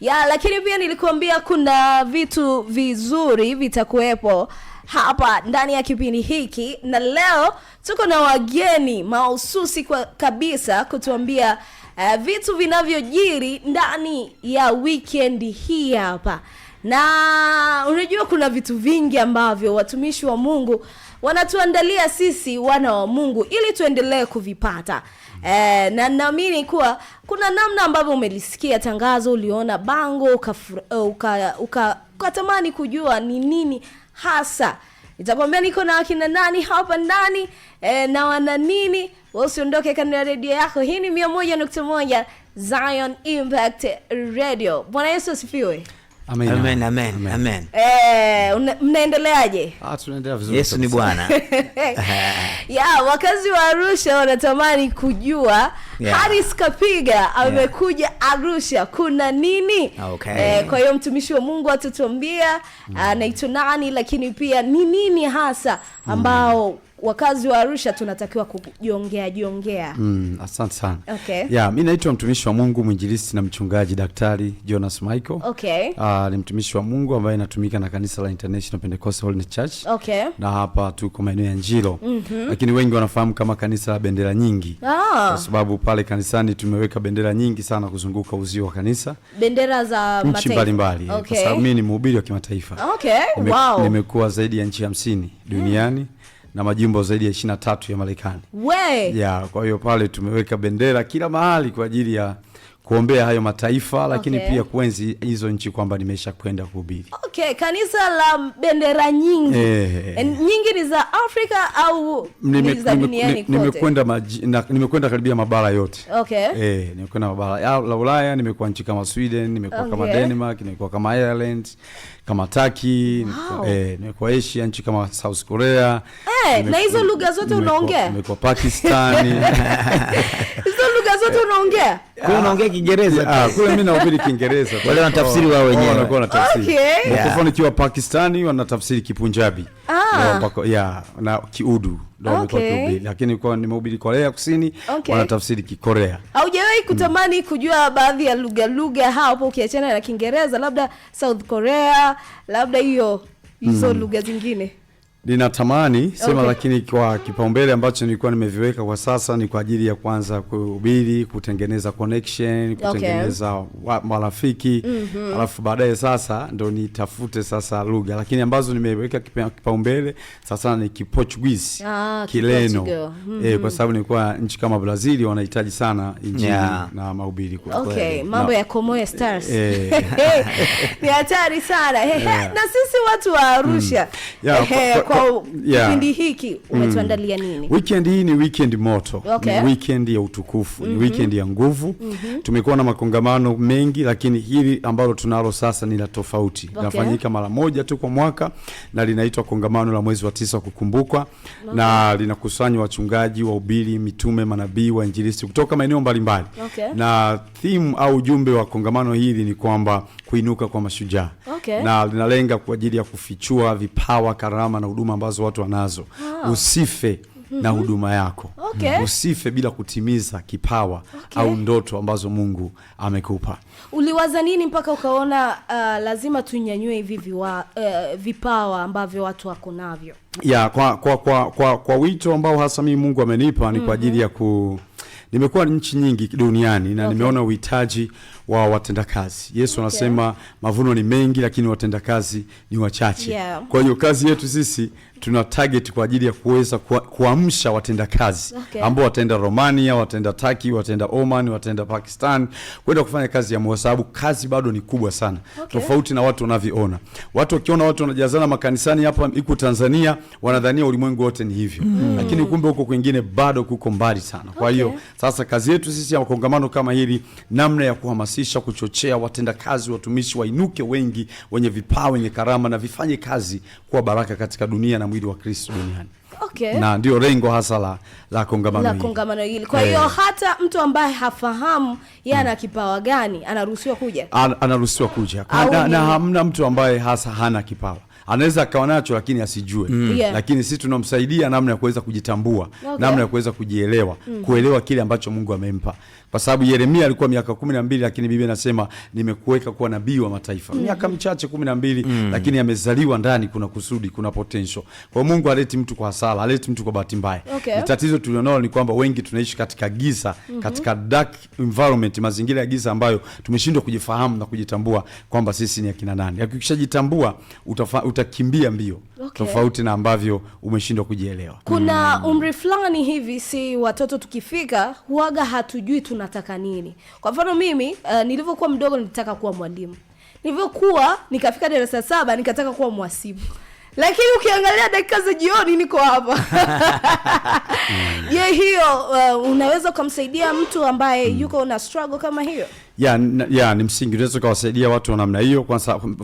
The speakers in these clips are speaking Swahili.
ya, lakini pia nilikuambia kuna vitu vizuri vitakuwepo hapa ndani ya kipindi hiki, na leo tuko na wageni mahususi kwa kabisa kutuambia uh, vitu vinavyojiri ndani ya weekend hii hapa na unajua kuna vitu vingi ambavyo watumishi wa Mungu wanatuandalia sisi wana wa Mungu ili tuendelee kuvipata eh, na naamini kuwa kuna namna ambavyo umelisikia tangazo, uliona bango ukatamani eh, uka, uka, uka kujua ni nini hasa nitakwambia niko na wakina nani hapa ndani eh, na wana nini. Wewe usiondoke kando ya redio yako. Hii ni mia Zion Impact Radio. Bwana Yesu asifiwe. Amen, amen, amen, amen. Amen. Eh, mnaendeleaje? Ah, tunaendelea vizuri. Yesu ni Bwana. Ya, wakazi wa Arusha wanatamani kujua yeah. Haris Kapiga amekuja yeah. Arusha kuna nini? Okay. Eh, kwa hiyo mtumishi wa Mungu atatuambia mm. anaitwa nani, lakini pia ni nini hasa ambao mm wakazi wa Arusha tunatakiwa kujiongea jiongea. Mm, asante sana. Okay. Yeah, mimi naitwa mtumishi wa Mungu mwinjilisti na mchungaji Daktari Jonas Michael. Okay. Uh, ni mtumishi wa Mungu ambaye natumika na kanisa la International Pentecostal Holiness Church. Okay. Na hapa tuko maeneo ya Njilo. Mm -hmm. Lakini wengi wanafahamu kama kanisa la bendera nyingi. Ah. Kwa sababu pale kanisani tumeweka bendera nyingi sana kuzunguka uzio wa kanisa. Bendera za nchi mbalimbali. Okay. Kwa sababu mimi ni mhubiri wa kimataifa. Okay. Nime, wow. Nimekuwa zaidi ya nchi hamsini hmm. duniani. Mm na majimbo zaidi ya 23 tatu ya Marekani. We. Yeah, kwa hiyo pale tumeweka bendera kila mahali kwa ajili ya kuombea hayo mataifa lakini okay. pia kuenzi hizo nchi kwamba nimesha kwenda kuhubiri. Okay, kanisa la bendera nyingi eh, eh nyingi ni za Afrika au nimekwenda nime, nimekwenda karibia mabara yote okay. Eh, nimekwenda mabara ya la Ulaya, nimekuwa nchi kama Sweden, nimekuwa okay. kama Denmark, nimekuwa kama Ireland, kama Turkey, wow. eh, nimekuwa Asia, nchi kama South Korea. Eh, hey, na hizo lugha zote unaongea? Nimekuwa ah. Pakistan. Hizo lugha zote unaongea? Kwa unaongea Kiingereza ah, kule, mimi nahubiri Kiingereza, wale wanatafsiri wao oh, wenyewe, wanakuwa yeah. Mfano kiwa Pakistani wanatafsiri Kipunjabi ya ah. na Kiudu Okay. Lakini kwa nimehubiri Korea Kusini okay. Wanatafsiri Kikorea. Haujawahi mm. kutamani mm. kujua baadhi ya lugha lugha hapo, ukiachana na Kiingereza, labda South Korea, labda hiyo hizo mm. lugha zingine ninatamani sema okay. Lakini kwa kipaumbele ambacho nilikuwa nimeviweka kwa sasa ni kwa ajili ya kwanza kuhubiri, kutengeneza connection, kutengeneza okay. marafiki mm -hmm. Alafu baadaye sasa ndo nitafute sasa lugha, lakini ambazo nimeweka kipaumbele sasa ni Kiportuguese ah, Kileno mm -hmm. E, kwa mm-hmm. sababu nilikuwa nchi kama Brazil wanahitaji sana injili yeah. na mahubiri kwa okay. mambo ya Comoe Stars e. ni hatari sana yeah. na sisi watu wa Arusha mm. yeah, kwa yeah. hiki umetuandalia mm. nini? Weekend hii ni weekend moto. Okay. Ni weekend ya utukufu. Mm -hmm. Ni mhm. weekend ya nguvu. Mm -hmm. Tumekuwa na makongamano mengi lakini hili ambalo tunalo sasa ni la tofauti. Okay. Linafanyika mara moja tu kwa mwaka na linaitwa kongamano la mwezi wa tisa kukumbukwa. Okay. Na linakusanya wachungaji, wa wahubiri, mitume, manabii, wainjilisti kutoka maeneo mbalimbali. Okay. Na theme au ujumbe wa kongamano hili ni kwamba kuinuka kwa mashujaa. Okay. Na linalenga kwa ajili ya kufichua vipawa, karama na huduma ambazo watu wanazo ah. Usife na mhm. huduma yako okay. Usife bila kutimiza kipawa okay. au ndoto ambazo Mungu amekupa. Uliwaza nini mpaka ukaona uh, lazima tunyanyue hivi uh, vipawa ambavyo watu wako navyo? Ya, kwa, kwa, kwa, kwa, kwa wito ambao hasa mimi Mungu amenipa ni mm -hmm. kwa mhm. ajili ya ku nimekuwa nchi nyingi duniani na okay. nimeona uhitaji wa watendakazi. Yesu anasema okay, mavuno ni mengi lakini watendakazi ni wachache. Yeah. Kwa hiyo kazi yetu sisi tuna target kwa ajili ya kuweza kuamsha watendakazi okay, ambao wataenda Romania, wataenda Taki, wataenda Oman, wataenda Pakistan kwenda kufanya kazi ya mhesabu. Kazi bado ni kubwa sana okay, tofauti na watu wanavyoona. Watu wakiona watu wanajazana makanisani hapa iko Tanzania, wanadhania ulimwengu wote ni hivyo mm, lakini kumbe huko kwingine bado kuko mbali sana. Kwa hiyo okay, sasa kazi yetu sisi ya kongamano kama hili, namna ya kuhamasisha kuhamasisha, kuchochea watendakazi, watumishi wainuke wengi, wenye vipawa, wenye karama, na vifanye kazi kuwa baraka katika dunia na mwili wa Kristo duniani. Okay. Na ndio lengo hasa la la kongamano hili. La kongamano hili. Kwa hiyo eh, hata mtu ambaye hafahamu yeye ana mm. kipawa gani anaruhusiwa kuja? An, anaruhusiwa kuja. Na, na hamna mtu ambaye hasa hana kipawa anaweza akawa nacho lakini asijue mm. mm. yeah. Lakini sisi tunamsaidia namna ya kuweza kujitambua okay. Namna ya kuweza kujielewa mm. Kuelewa kile ambacho Mungu amempa kwa sababu Yeremia alikuwa miaka kumi na mbili lakini Biblia inasema nimekuweka kuwa nabii wa mataifa. mm miaka michache kumi na mbili mm. lakini amezaliwa ndani, kuna kusudi, kuna potential. Kwa Mungu aleti mtu kwa hasara, aleti mtu kwa bahati mbaya. okay. Tatizo tulionalo ni kwamba wengi tunaishi katika giza mm -hmm. katika dark environment, mazingira ya giza ambayo tumeshindwa kujifahamu na kujitambua kwamba sisi ni akina nani. Ukishajitambua utakimbia mbio okay. tofauti na ambavyo umeshindwa kujielewa. Kuna mm. umri fulani hivi, si watoto tukifika, huaga hatujui tuna unataka nini. Kwa mfano mimi uh, nilivyokuwa mdogo nilitaka kuwa mwalimu, nilivyokuwa nikafika darasa saba nikataka kuwa mwasibu lakini ukiangalia dakika za jioni niko hapa je? hiyo uh, unaweza ukamsaidia mtu ambaye hmm. yuko na struggle kama hiyo? Yeah, yeah, ni msingi. Unaweza ukawasaidia watu wa namna hiyo.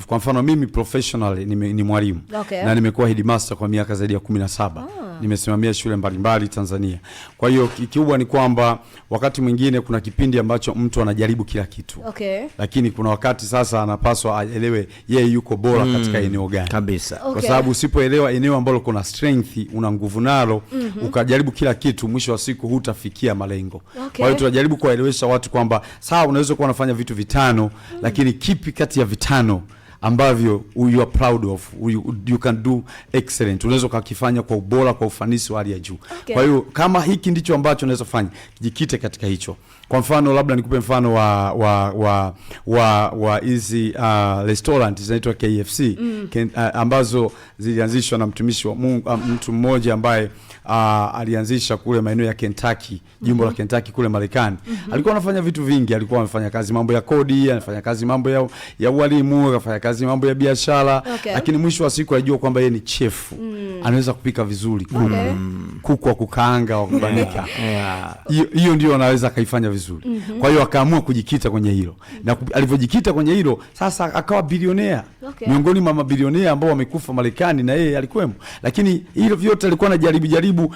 Kwa mfano mimi professionally ni, ni mwalimu okay. na nimekuwa headmaster kwa miaka zaidi ya kumi na saba ah nimesimamia shule mbalimbali Tanzania. Kwa hiyo kikubwa ni kwamba wakati mwingine kuna kipindi ambacho mtu anajaribu kila kitu okay. Lakini kuna wakati sasa anapaswa aelewe yeye yuko bora mm, katika eneo gani kabisa okay. Kwa sababu usipoelewa eneo ambalo kuna strength, una nguvu nalo mm -hmm. ukajaribu kila kitu, mwisho wa siku hutafikia malengo okay. Kwa hiyo tunajaribu kuwaelewesha watu kwamba sawa, unaweza kuwa unafanya vitu vitano mm, lakini kipi kati ya vitano ambavyo you are proud of you, you can do excellent, unaweza ukakifanya kwa ubora, kwa ufanisi wa hali ya juu okay. Kwa hiyo kama hiki ndicho ambacho unaweza fanya, jikite katika hicho. Kwa mfano labda nikupe mfano wa wa wa wa, wa hizi uh, restaurant zinaitwa KFC mm. Ken, uh, ambazo zilianzishwa na mtumishi wa Mungu uh, mtu mmoja ambaye uh, alianzisha kule maeneo ya Kentucky, jimbo mm -hmm. la mm-hmm. Kentucky kule Marekani mm -hmm. Alikuwa anafanya vitu vingi, alikuwa amefanya kazi mambo ya kodi, anafanya kazi mambo ya ya ualimu, anafanya kazi mambo ya biashara okay. Lakini mwisho wa siku alijua kwamba yeye ni chefu mm. Anaweza kupika vizuri okay. Mm. kuku wa kukaanga wa kubanika hiyo yeah. yeah. ndio anaweza akaifanya vizuri mm -hmm. Kwa hiyo akaamua kujikita kwenye hilo mm -hmm. Na alivyojikita kwenye hilo sasa akawa bilionea okay. Miongoni mwa mabilionea ambao wamekufa Marekani na yeye alikuwemo, lakini hilo vyote alikuwa anajaribu jaribu,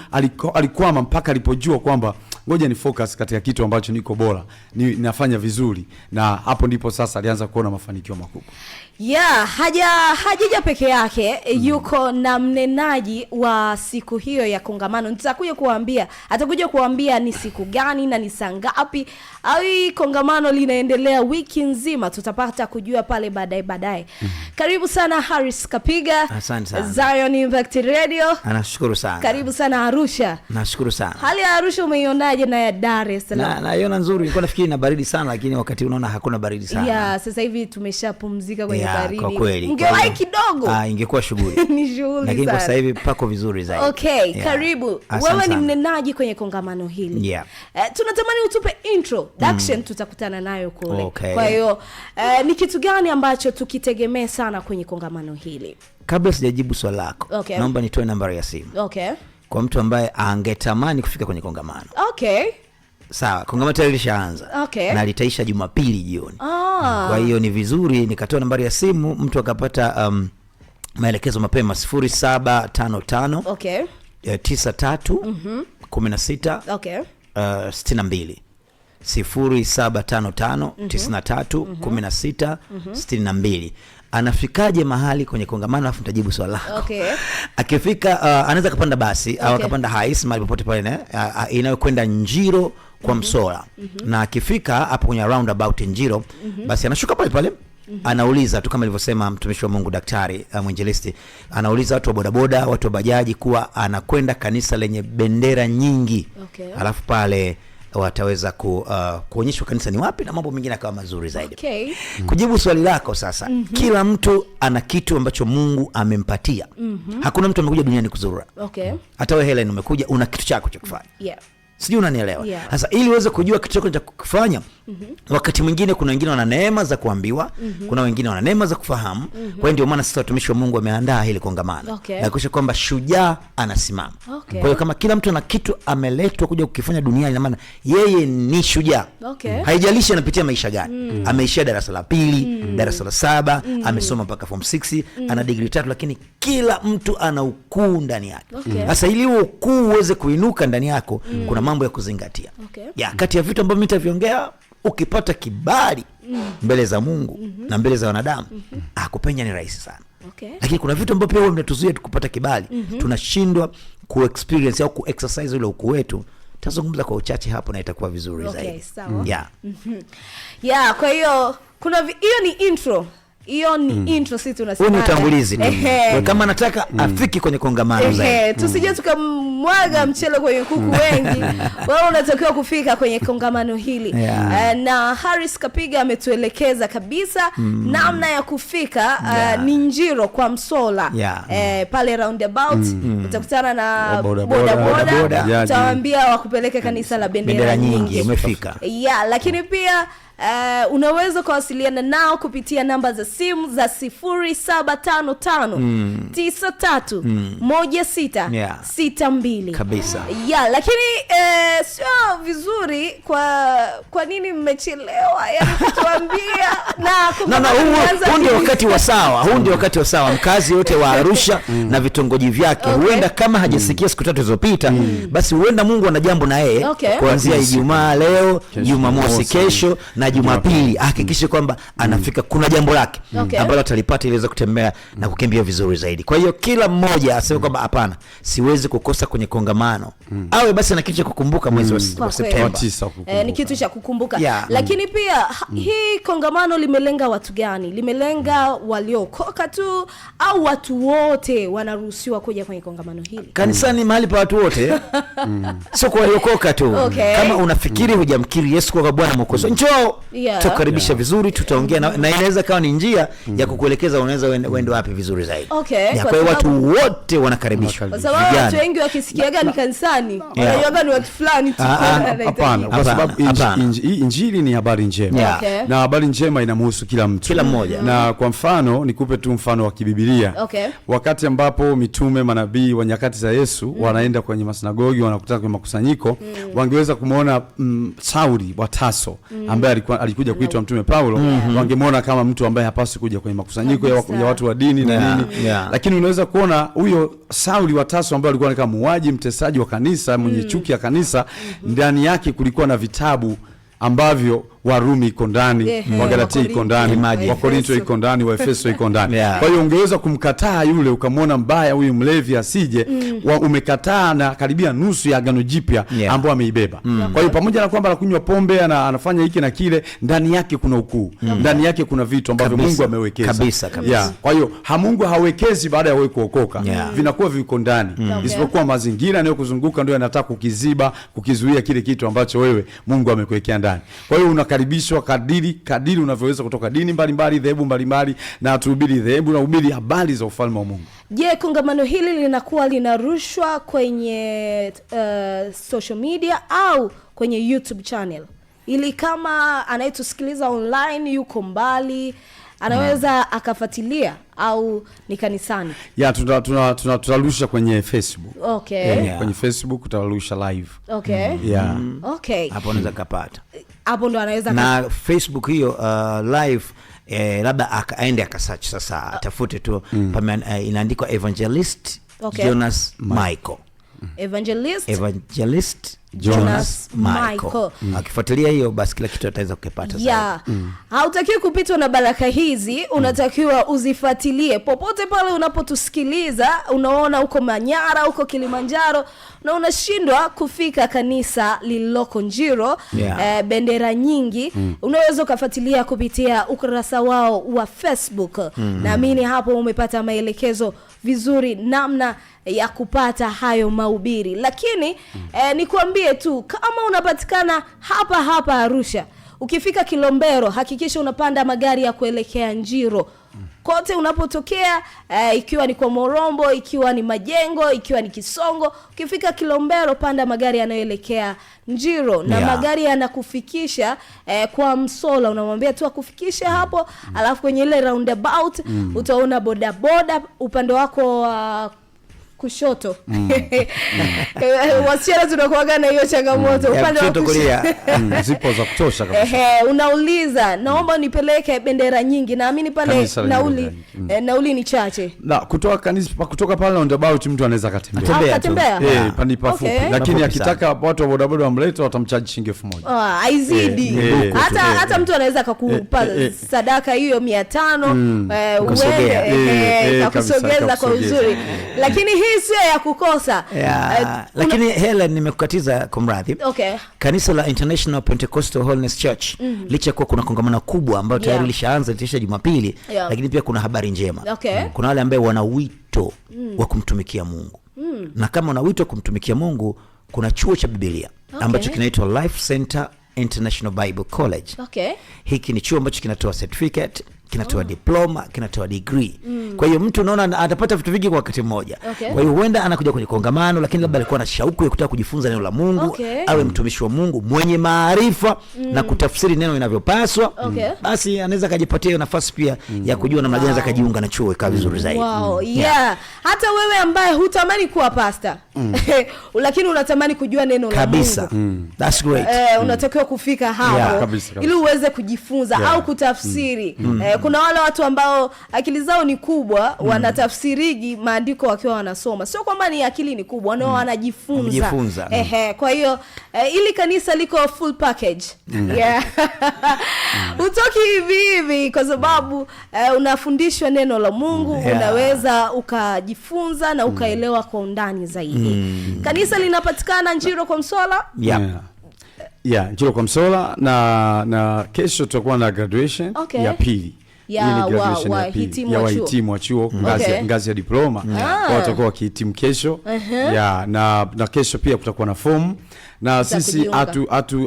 alikwama mpaka alipojua kwamba ngoja ni focus katika kitu ambacho niko bora ni, nafanya vizuri, na hapo ndipo sasa alianza kuona mafanikio makubwa. Yeah, haja hajija peke yake mm -hmm. Yuko na mnenaji wa siku hiyo ya kongamano. Nitakuja kuambia, atakuja kuambia ni siku gani na ni saa ngapi, au kongamano linaendelea wiki nzima, tutapata kujua pale baadaye baadaye. mm -hmm. Karibu sana Harris Kapiga. Asante sana. Zion Impact Radio. Anashukuru sana. Karibu sana Arusha. Nashukuru sana. Hali ya Arusha umeionaje na ya Dar es Salaam? Na naiona nzuri. Nilikuwa nafikiri na baridi sana, lakini wakati unaona hakuna baridi sana. Yeah, sasa hivi tumeshapumzika kwenye yeah baridi. Kwa kweli ungewahi kidogo, ah, ingekuwa shughuli ni shughuli, lakini kwa sasa hivi pako vizuri zaidi. Okay, yeah. Karibu wewe, ni mnenaji kwenye kongamano hili yeah. Uh, tunatamani utupe introduction mm. Tutakutana nayo kule okay. Kwa hiyo uh, ni kitu gani ambacho tukitegemee sana kwenye kongamano hili? Kabla sijajibu swali lako okay. Naomba nitoe nambari ya simu okay. Kwa mtu ambaye angetamani kufika kwenye kongamano okay. Sawa, kongamano tayari lishaanza okay, na litaisha Jumapili jioni. Oh. Kwa hiyo ni vizuri nikatoa nambari ya simu mtu akapata um, maelekezo mapema 0755 okay, 93 eh, 16 mhm. okay, uh, 62 0755 93 16 62 Anafikaje mahali kwenye kongamano? Alafu nitajibu swala lako okay. Akifika uh, anaweza kapanda basi okay, au akapanda hais mahali popote pale uh, uh, inayokwenda Njiro kwa mhm. Msola mm -hmm. na akifika hapo kwenye roundabout Njiro mm -hmm. basi anashuka pale pale Mm -hmm. Anauliza tu kama alivyosema mtumishi wa Mungu daktari uh, mwinjilisti anauliza watu wa bodaboda, watu wa bajaji kuwa anakwenda kanisa lenye bendera nyingi okay. Alafu pale wataweza ku, uh, kuonyeshwa kanisa ni wapi na mambo mengine akawa mazuri zaidi okay. mm -hmm. Kujibu swali lako sasa mm -hmm. Kila mtu ana kitu ambacho Mungu amempatia mm -hmm. Hakuna mtu amekuja duniani kuzurura okay. Hata wewe Helen umekuja una kitu chako cha kufanya yeah sijui unanielewa sasa yeah. ili uweze kujua kitu chako cha kufanya Mm -hmm. Wakati mwingine kuna wengine wana neema za kuambiwa, mm -hmm. kuna wengine wana neema za kufahamu. mm -hmm. Kwa hiyo ndio maana sasa watumishi wa Mungu wameandaa hili kongamano okay. na kisha kwamba shujaa anasimama okay. Kwa hiyo kama kila mtu ana kitu ameletwa kuja kukifanya duniani, na maana yeye ni shujaa okay. mm. haijalishi anapitia maisha gani. mm -hmm. Ameishia darasa la pili, mm -hmm. darasa la saba, mm -hmm. amesoma mpaka form 6, mm -hmm. ana degree tatu, lakini kila mtu ana ukuu ndani yake sasa. okay. ili ukuu uweze kuinuka ndani yako, mm -hmm. kuna mambo ya kuzingatia okay. ya kati ya vitu ambavyo mimi nitaviongea ukipata kibali mbele za Mungu mm -hmm. na mbele za wanadamu mm -hmm. kupenya ni rahisi sana okay. Lakini kuna vitu ambavyo pia vinatuzuia tukupata kibali mm -hmm. tunashindwa experience au exercise ule ukuu wetu tazungumza kwa uchache hapo na itakuwa vizuri okay, zaidi. Sawa. Yeah. Mm -hmm. Yeah, kwa hiyo kuna hiyo ni intro hiyo ni mm. intro sisi tunasema ni utangulizi kama anataka mm. afiki kwenye kongamano zaidi eh, tusije mm. tukamwaga mm. mchele kwenye kuku mm. wengi. Wewe unatakiwa kufika kwenye kongamano hili yeah. Uh, na Harris Kapiga ametuelekeza kabisa mm. namna ya kufika eh, yeah. ni Njiro kwa Msola yeah. eh, pale roundabout mm. utakutana na oh, boda utawaambia wakupeleke kanisa la bendera nyingi, umefika yeah, lakini pia Uh, unaweza kuwasiliana nao kupitia namba za simu za 0755 mm. 93 mm. 16 62 kabisa lakini uh, sio vizuri kwa kwa nini mmechelewa yani kutuambia na huu ndio wakati wa sawa, huu ndio wakati wa sawa. Mkazi yote wa Arusha mm. na vitongoji vyake okay. Huenda kama hajasikia mm. siku tatu zilizopita mm. basi huenda Mungu ana jambo na yeye okay. Kuanzia Ijumaa leo, Jumamosi kesho na Jumapili ahakikishe mm. kwamba anafika, kuna jambo lake okay. ambalo atalipata iliweza kutembea na kukimbia vizuri zaidi. Kwa hiyo kila mmoja aseme mm. kwamba hapana, siwezi kukosa kwenye kongamano, mm. awe basi na kitu cha kukumbuka mwezi wa Septemba. Eh, ni kitu cha kukumbuka yeah. Lakini pia hii kongamano limelenga watu gani? Limelenga waliokoka tu au watu wote wanaruhusiwa kuja kwenye kongamano hili? Kanisani mahali pa watu wote sio kwa waliokoka tu okay. Kama unafikiri hujamkiri Yesu kwa Bwana Mwokozi, njoo yeah. Tutakaribisha yeah. vizuri, tutaongea mm-hmm. na, na inaweza kawa ni njia mm. hmm ya kukuelekeza unaweza uende wapi vizuri zaidi okay. kwa hiyo watu wote wanakaribishwa, kwa sababu watu wengi wakisikiaga ni kanisani wanajiaga ni watu fulani tu. Ah, ah. Hapana, kwa sababu injili ni habari njema yeah. okay. na habari njema inamhusu kila mtu, kila mmoja. Na kwa mfano nikupe tu mfano wa kibibilia okay. wakati ambapo mitume, manabii wa nyakati za Yesu mm. wanaenda kwenye masinagogi, wanakutana kwenye makusanyiko mm. wangeweza kumuona mm, Sauli wa Tarso mm. ambaye alikuwa alikuja kuitwa mm-hmm. Mtume Paulo mm -hmm. wangemwona kama mtu ambaye hapaswi kuja kwenye makusanyiko ya, ya watu wa dini yeah. na nini yeah. Lakini unaweza kuona huyo Sauli wa Tarso ambaye alikuwa kama muaji mtesaji wa kanisa, mwenye mm. chuki ya kanisa, mm-hmm. ndani yake kulikuwa na vitabu ambavyo Warumi iko ndani yeah, yeah. Wagalatia iko ndani, Wakorinto iko ndani, Waefeso iko ndani yeah. Kwa hiyo ungeweza kumkataa yule ukamwona mbaya, huyu mlevi asije mm. wa, umekataa na karibia nusu ya Agano Jipya yeah. ambao ameibeba mm. Kwa hiyo pamoja na kwamba anakunywa pombe na anafanya hiki na kile, ndani yake kuna ukuu mm. ndani yake kuna vitu ambavyo Mungu amewekeza kabisa, kabisa. Yeah. Kwa hiyo Mungu hawekezi baada ya wewe kuokoka yeah. vinakuwa viko ndani mm. isipokuwa mazingira yanayokuzunguka ndio yanataka kukiziba, kukizuia kile kitu ambacho wewe Mungu amekuwekea ndani. Kwa hiyo una unakaribishwa kadiri kadiri unavyoweza kutoka dini mbalimbali, dhehebu mbalimbali, na tuhubiri dhehebu na hubiri habari za ufalme wa Mungu. Je, kongamano hili linakuwa linarushwa kwenye uh, social media au kwenye YouTube channel, ili kama anayetusikiliza online yuko mbali anaweza hmm, akafuatilia au ni kanisani? Ya tutarusha tuta, tuta, tuna kwenye Facebook. Okay. Yeah, yeah. Kwenye Facebook tutarusha live. Okay. Mm. Yeah. mm. Okay. Hapo unaweza kapata hapo ndo anaweza na Facebook hiyo uh, live eh, labda aende akasearch sasa, ah. atafute tu mm. Uh, inaandikwa Evangelist okay. Jonas Michael Evangelist Evangelist Jonas Michael mm. akifuatilia hiyo basi kila kitu ataweza kukipata. Yeah. Mm. Hautakiwi kupitwa na baraka hizi, unatakiwa uzifuatilie popote pale unapotusikiliza. Unaona uko Manyara, uko Kilimanjaro na unashindwa kufika kanisa lililoko Njiro, yeah. Eh, bendera nyingi mm. Unaweza ukafuatilia kupitia ukurasa wao wa Facebook mm. Naamini hapo umepata maelekezo vizuri namna ya kupata hayo mahubiri, lakini mm. eh, nikuambie tu kama unapatikana hapa hapa Arusha, ukifika Kilombero hakikisha unapanda magari ya kuelekea Njiro mm kote unapotokea eh, ikiwa ni kwa Morombo, ikiwa ni Majengo, ikiwa ni Kisongo, ukifika Kilombero panda magari yanayoelekea Njiro na yeah. magari yanakufikisha eh, kwa Msola, unamwambia tu akufikishe hapo, alafu kwenye ile roundabout mm. utaona bodaboda upande wako wa uh, kushoto mm. eh, mm. wasichana tunakuaga na hiyo changamoto mm. upande wa kulia zipo za kutosha kabisa. unauliza naomba nipeleke bendera nyingi, naamini pale nauli eh, nauli ni chache na kutoka kanisa kutoka pale on about mtu anaweza katembea ah, katembea eh ah, pani pafupi lakini akitaka watu wa bodaboda wamlete watamcharge shilingi 1000 ah, haizidi eh, hata hata mtu anaweza kukupa sadaka hiyo 500 uende kusogeza kwa uzuri lakini hii hii sio ya kukosa yeah. Uh, lakini una... Helen, nimekukatiza kwa mradhi okay. Kanisa la International Pentecostal Holiness Church mm -hmm. licha kuwa kuna kongamano kubwa ambayo tayari yeah. lishaanza litaisha Jumapili yeah. lakini pia kuna habari njema okay. Mm. kuna wale ambao wana wito mm. wa kumtumikia Mungu mm. na kama una wito wa kumtumikia Mungu kuna chuo cha Biblia okay. ambacho kinaitwa Life Center International Bible College okay. hiki ni chuo ambacho kinatoa certificate kinatoa oh. diploma kinatoa degree mm. Kwa hiyo mtu unaona atapata vitu vingi kwa wakati mmoja okay. Kwa hiyo huenda anakuja kwenye kongamano, lakini labda alikuwa na shauku ya kutaka kujifunza neno la Mungu okay. Awe mtumishi wa Mungu mwenye maarifa mm. na kutafsiri neno inavyopaswa okay. Mm. Basi anaweza akajipatia hiyo nafasi pia mm. ya kujua namna gani wow. akajiunga na chuo ikawa vizuri mm. zaidi wow. mm. yeah. yeah. Hata wewe ambaye hutamani kuwa pasta mm. lakini unatamani kujua neno kabisa la Mungu mm. That's great. Eh, mm. unatakiwa kufika hapo yeah, ili uweze kujifunza yeah. au mm. kutafsiri mm. mm. eh, kuna wale watu ambao akili zao ni kubwa mm. wanatafsirigi maandiko wakiwa wanasoma, sio kwamba ni akili ni kubwa no, mm. wanajifunza eh, kwa hiyo eh, ili kanisa liko full package mm. yeah. utoki hivi hivi kwa sababu eh, unafundishwa neno la Mungu yeah. unaweza ukajifunza na ukaelewa mm. kwa undani zaidi mm. Kanisa linapatikana Njiro kwa Msola yeah. ya Yeah, Njiro kwa Msola na, na kesho tutakuwa na graduation okay. ya pili ya wahitimu wa chuo mm. ngazi ya diploma ah. watakuwa wakihitimu kesho uh-huh. ya na, na kesho pia kutakuwa na fomu na sisi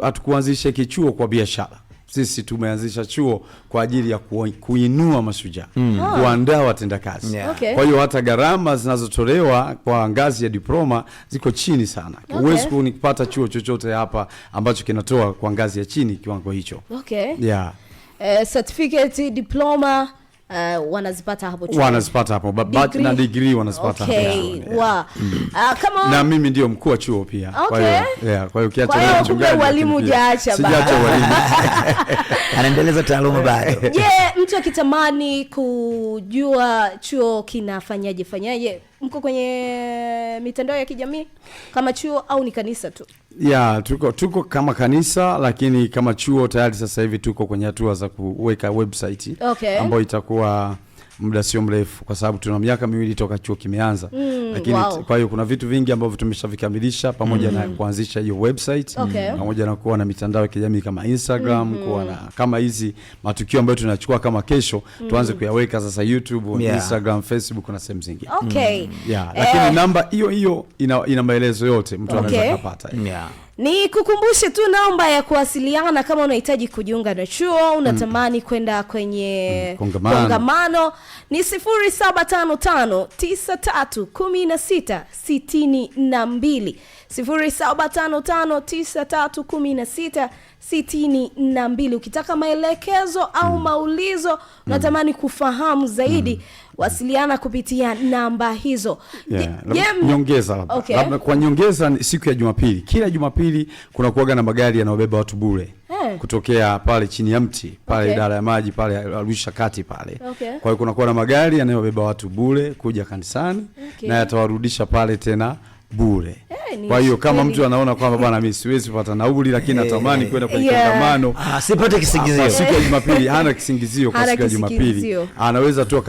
hatukuanzisha hiki kichuo kwa biashara sisi tumeanzisha chuo kwa ajili ya kuinua mashujaa mm. oh. kuandaa watendakazi yeah. okay. Kwa hiyo hata gharama zinazotolewa kwa ngazi ya diploma ziko chini sana. Huwezi okay. kupata chuo chochote hapa ambacho kinatoa kwa ngazi ya chini kiwango hicho okay. yeah. Uh, certificate diploma uh, wanazipata hapo chuo, wanazipata hapo but, degree. na degree wanazipata okay. hapo yeah. wa uh, kama na mimi ndio mkuu wa chuo pia okay. kwa hiyo yeah, kwa hiyo kiacha kwa hiyo walimu hujaacha bado, sijaacha walimu anaendeleza taaluma bado. Je, mtu akitamani kujua chuo kinafanyaje fanyaje, mko kwenye mitandao ya kijamii kama chuo au ni kanisa tu? ya tuko tuko kama kanisa lakini kama chuo tayari sasa hivi tuko kwenye hatua za kuweka website okay, ambayo itakuwa muda sio mrefu, kwa sababu tuna miaka miwili toka chuo kimeanza mm, lakini wow. Kwa hiyo kuna vitu vingi ambavyo tumeshavikamilisha pamoja mm. na kuanzisha hiyo website mm. okay. pamoja na kuwa na mitandao ya kijamii kama Instagram mm. kuwa na kama hizi matukio ambayo tunachukua kama kesho mm. tuanze kuyaweka sasa YouTube yeah. Instagram, Facebook na sehemu zingine okay. mm. yeah. lakini eh. namba hiyo hiyo ina, ina maelezo yote mtu okay. anaweza kupata yeah. Ni kukumbushe tu namba ya kuwasiliana kama unahitaji kujiunga na chuo, unatamani mm. kwenda kwenye mm, kongamano, kongamano ni 0755931662 0755931662. Ukitaka maelekezo au mm. maulizo, unatamani mm. kufahamu zaidi mm wasiliana kupitia namba hizo. Yeah. Nyongeza okay. kwa nyongeza, siku ya Jumapili, kila Jumapili kuna kuaga na magari yanayobeba watu bure hey. Kutokea pale chini ya mti pale idara okay. ya maji pale Arusha kati pale okay. Kwa hiyo kunakuwa na magari yanayobeba watu bure kuja kanisani okay. Na yatawarudisha pale tena bure. Yeah, kwa hiyo kama mtu anaona kwamba bwana mimi siwezi kupata nauli lakini eh. natamani kwenda kwenye yeah, kongamano ah, sipate kisingizio ah, siku ya Jumapili, hana kisingizio kwa siku ya Jumapili, anaweza tu.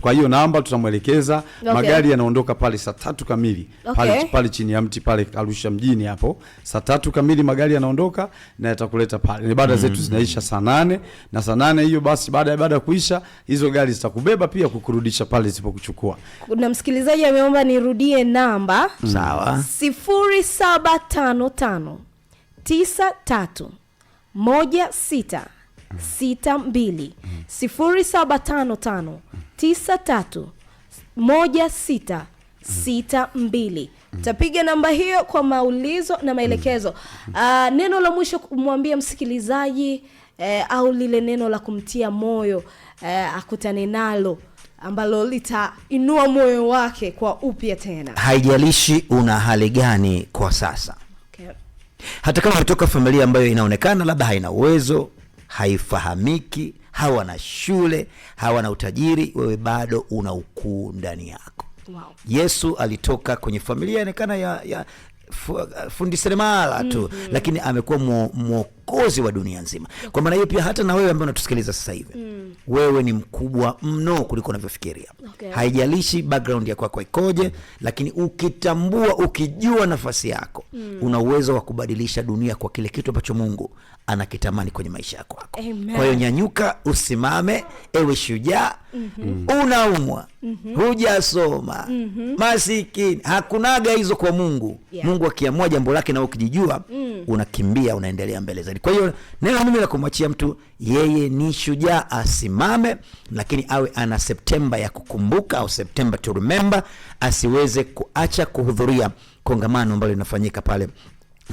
Kwa hiyo namba tutamwelekeza, okay. Magari yanaondoka pale saa tatu kamili okay, pale, pale chini ya mti pale Arusha mjini hapo, saa tatu kamili magari yanaondoka na yatakuleta pale. Ibada zetu mm. zinaisha saa nane na saa nane hiyo basi, baada ya ibada ya kuisha, hizo gari zitakubeba pia kukurudisha pale zilipokuchukua. Kuna msikilizaji ameomba nirudie namba mm sawa, sifuri saba tano tano tisa tatu moja sita sita mbili sifuri saba tano tano tisa tatu moja sita sita mbili. Tapiga namba hiyo kwa maulizo na maelekezo. Mm. Aa, ah, neno la mwisho kumwambia msikilizaji eh, au lile neno la kumtia moyo eh, akutane nalo ambalo litainua moyo wake kwa upya tena, haijalishi una hali gani kwa sasa okay. Hata kama umetoka familia ambayo inaonekana labda haina uwezo, haifahamiki, hawana shule, hawana utajiri, wewe bado una ukuu ndani yako wow. Yesu alitoka kwenye familia inaonekana ya, ya uh, fundi seremala tu mm -hmm. Lakini amekuwa viongozi wa dunia nzima. Kwa maana hiyo pia hata na wewe ambaye unatusikiliza sasa hivi mm. wewe ni mkubwa mno kuliko unavyofikiria okay. Haijalishi background yako kwa ikoje, lakini ukitambua, ukijua nafasi yako mm. una uwezo wa kubadilisha dunia kwa kile kitu ambacho Mungu anakitamani kwenye maisha yako kwako Kwa hiyo nyanyuka, usimame, ewe shujaa mm-hmm. mm -hmm. unaumwa mm -hmm. hujasoma mm -hmm. masikini, hakunaga hizo kwa Mungu yeah. Mungu akiamua jambo lake na ukijijua mm. unakimbia, unaendelea mbele zaidi kweli. Kwa hiyo neno la la kumwachia mtu yeye ni shujaa, asimame, lakini awe ana Septemba ya kukumbuka au Septemba to remember, asiweze kuacha kuhudhuria kongamano ambalo linafanyika pale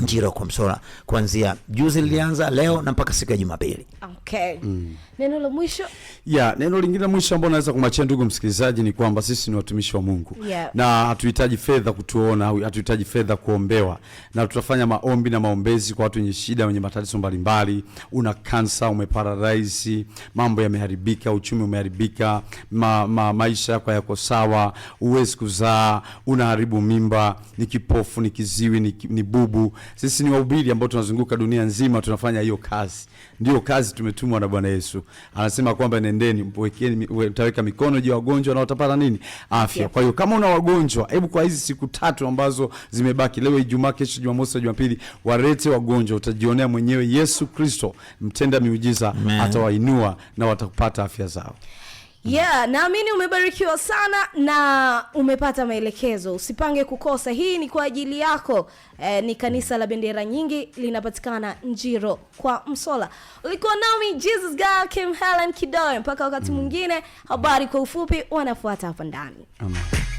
Njiro Komsora kuanzia juzi lilianza leo na mpaka siku ya Jumapili. Okay. Mm. Neno la mwisho? Ya, Yeah, neno lingine la mwisho ambalo naweza kumwachia ndugu msikilizaji ni kwamba sisi ni watumishi wa Mungu. Yeah. Na hatuhitaji fedha kutuona, hatuhitaji fedha kuombewa. Na tutafanya maombi na maombezi kwa watu wenye shida, wenye matatizo mbalimbali. Una kansa, umeparalyze, mambo yameharibika, uchumi umeharibika, ma, ma, maisha yako yako sawa, uwezi kuzaa, unaharibu mimba, ni kipofu, ni kiziwi, ni, ni bubu sisi ni wahubiri ambao tunazunguka dunia nzima, tunafanya hiyo kazi, ndio kazi tumetumwa na Bwana Yesu. Anasema kwamba nendeni, wekeni, mtaweka mikono juu ya wagonjwa na watapata nini? Afya. Kwa hiyo kama una wagonjwa, hebu kwa hizi siku tatu ambazo zimebaki, leo Ijumaa, kesho Jumamosi na Jumapili, warete wagonjwa, utajionea mwenyewe Yesu Kristo mtenda miujiza atawainua na watapata afya zao. Yeah, naamini umebarikiwa sana na umepata maelekezo. Usipange kukosa, hii ni kwa ajili yako. e, ni kanisa la Bendera Nyingi linapatikana Njiro kwa Msola. Ulikuwa nami Jesus Girl Kim Helen Kidoe. Mpaka wakati mm. mwingine, habari kwa ufupi wanafuata hapa ndani. Amen.